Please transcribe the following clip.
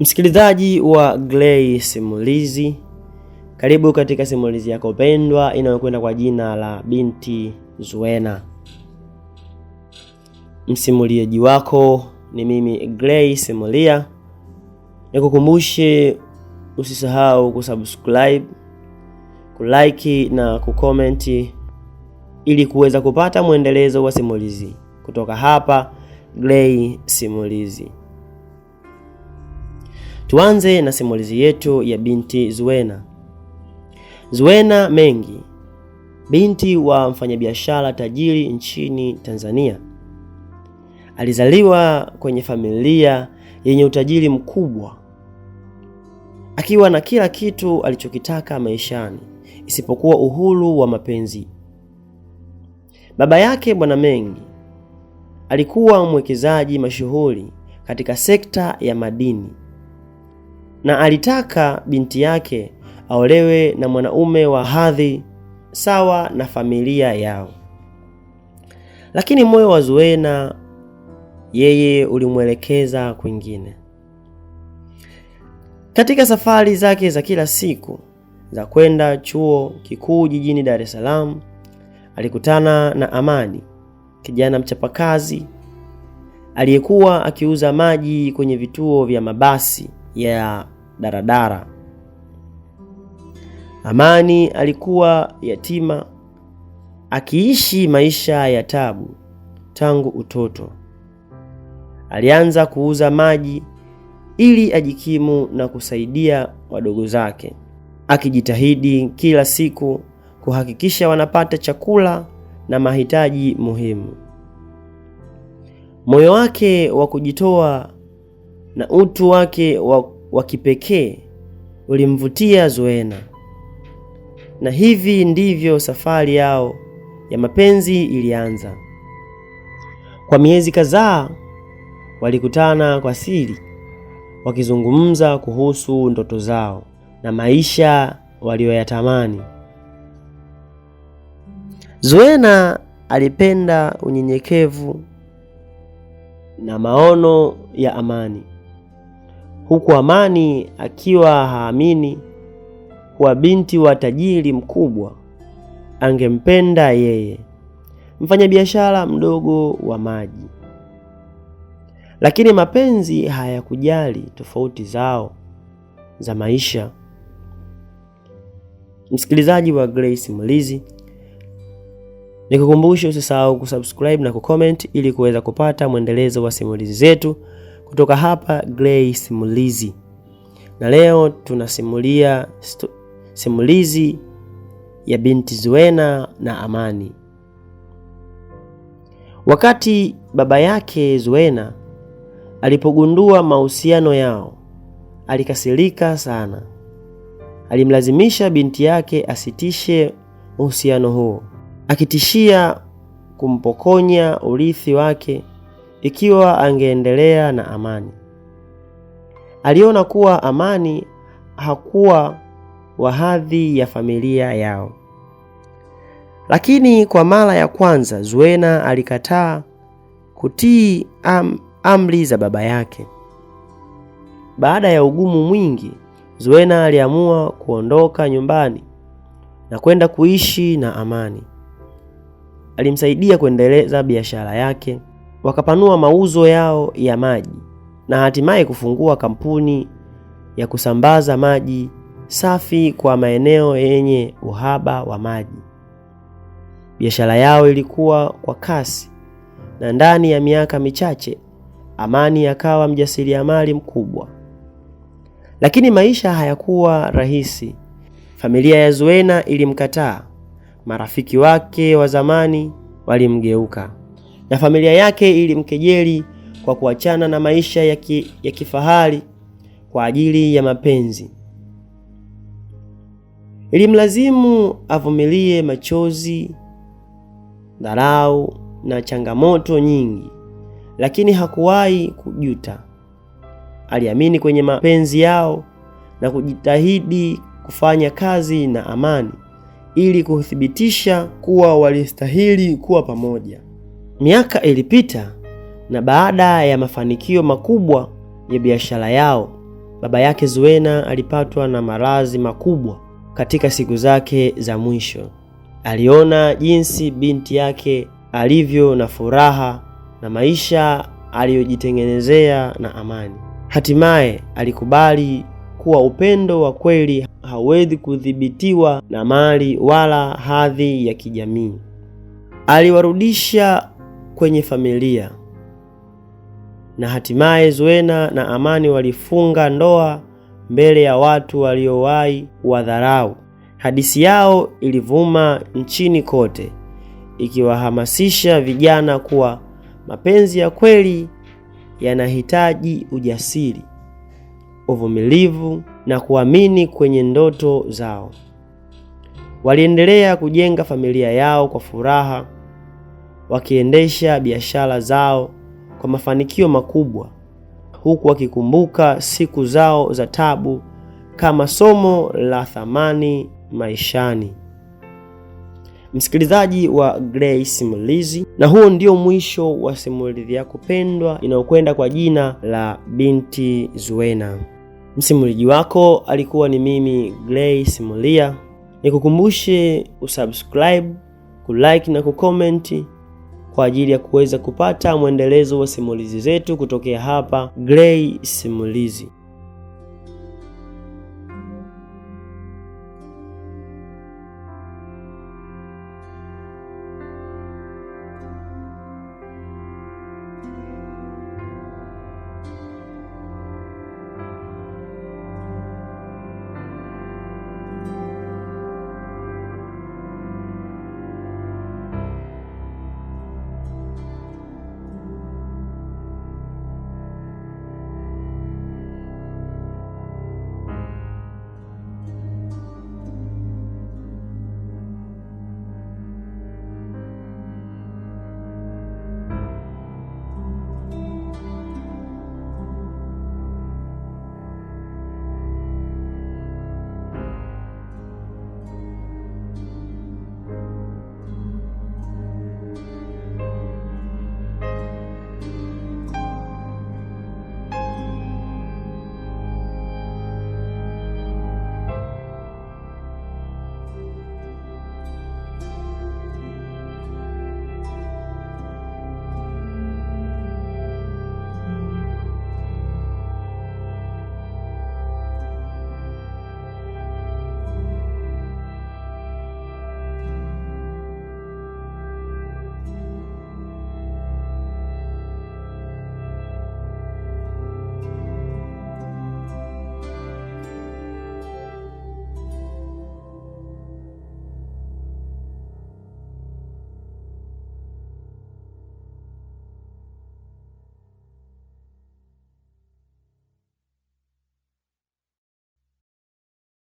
Msikilizaji wa Gray Simulizi, karibu katika simulizi yako pendwa inayokwenda kwa jina la Binti Zuena. Msimuliaji wako ni mimi Gray Simulia. Nikukumbushe usisahau kusubscribe, kulike na kucomment ili kuweza kupata mwendelezo wa simulizi kutoka hapa Gray Simulizi. Tuanze na simulizi yetu ya binti zuena zuena Mengi, binti wa mfanyabiashara tajiri nchini Tanzania, alizaliwa kwenye familia yenye utajiri mkubwa, akiwa na kila kitu alichokitaka maishani isipokuwa uhuru wa mapenzi. Baba yake Bwana Mengi alikuwa mwekezaji mashuhuri katika sekta ya madini na alitaka binti yake aolewe na mwanaume wa hadhi sawa na familia yao. Lakini moyo wa Zuena yeye ulimwelekeza kwingine. Katika safari zake za kila siku za kwenda chuo kikuu jijini Dar es Salaam, alikutana na Amani, kijana mchapakazi aliyekuwa akiuza maji kwenye vituo vya mabasi ya daradara. Amani alikuwa yatima akiishi maisha ya tabu tangu utoto. Alianza kuuza maji ili ajikimu na kusaidia wadogo zake, akijitahidi kila siku kuhakikisha wanapata chakula na mahitaji muhimu. Moyo wake wa kujitoa na utu wake wa kipekee ulimvutia Zuena, na hivi ndivyo safari yao ya mapenzi ilianza. Kwa miezi kadhaa walikutana kwa siri, wakizungumza kuhusu ndoto zao na maisha walioyatamani. Zuena alipenda unyenyekevu na maono ya amani huku amani akiwa haamini kuwa binti wa tajiri mkubwa angempenda yeye, mfanyabiashara mdogo wa maji. Lakini mapenzi hayakujali tofauti zao za maisha. Msikilizaji wa Grace Mlizi, nikukumbushe usisahau kusubscribe na kucomment ili kuweza kupata mwendelezo wa simulizi zetu. Kutoka hapa Gray Simulizi, na leo tunasimulia simulizi ya binti Zuena na Amani. Wakati baba yake Zuena alipogundua mahusiano yao, alikasirika sana. Alimlazimisha binti yake asitishe uhusiano huo, akitishia kumpokonya urithi wake ikiwa angeendelea na amani. Aliona kuwa amani hakuwa wa hadhi ya familia yao. Lakini kwa mara ya kwanza Zuena alikataa kutii am, amri za baba yake. Baada ya ugumu mwingi, Zuena aliamua kuondoka nyumbani na kwenda kuishi na Amani. Alimsaidia kuendeleza biashara yake wakapanua mauzo yao ya maji na hatimaye kufungua kampuni ya kusambaza maji safi kwa maeneo yenye uhaba wa maji. Biashara yao ilikuwa kwa kasi na ndani ya miaka michache Amani akawa mjasiriamali mkubwa. Lakini maisha hayakuwa rahisi. Familia ya Zuena ilimkataa, marafiki wake wa zamani walimgeuka na familia yake ilimkejeli kwa kuachana na maisha ya, ki, ya kifahari kwa ajili ya mapenzi. Ilimlazimu avumilie machozi, dharau na changamoto nyingi, lakini hakuwahi kujuta. Aliamini kwenye mapenzi yao na kujitahidi kufanya kazi na Amani ili kuthibitisha kuwa walistahili kuwa pamoja. Miaka ilipita na baada ya mafanikio makubwa ya biashara yao, baba yake Zuena alipatwa na maradhi makubwa. Katika siku zake za mwisho, aliona jinsi binti yake alivyo na furaha na maisha aliyojitengenezea na amani. Hatimaye alikubali kuwa upendo wa kweli hauwezi kudhibitiwa na mali wala hadhi ya kijamii. Aliwarudisha kwenye familia, na hatimaye Zuena na Amani walifunga ndoa mbele ya watu waliowahi wadharau. Hadithi yao ilivuma nchini kote, ikiwahamasisha vijana kuwa mapenzi ya kweli yanahitaji ujasiri, uvumilivu na kuamini kwenye ndoto zao. Waliendelea kujenga familia yao kwa furaha wakiendesha biashara zao kwa mafanikio makubwa, huku wakikumbuka siku zao za tabu kama somo la thamani maishani. Msikilizaji wa Gray Simulizi, na huo ndio mwisho wa simulizi yako pendwa inayokwenda kwa jina la Binti Zuena. Msimulizi wako alikuwa ni mimi Gray Simulia. Nikukumbushe usubscribe, kulike na kukomenti kwa ajili ya kuweza kupata mwendelezo wa simulizi zetu kutokea hapa Gray Simulizi.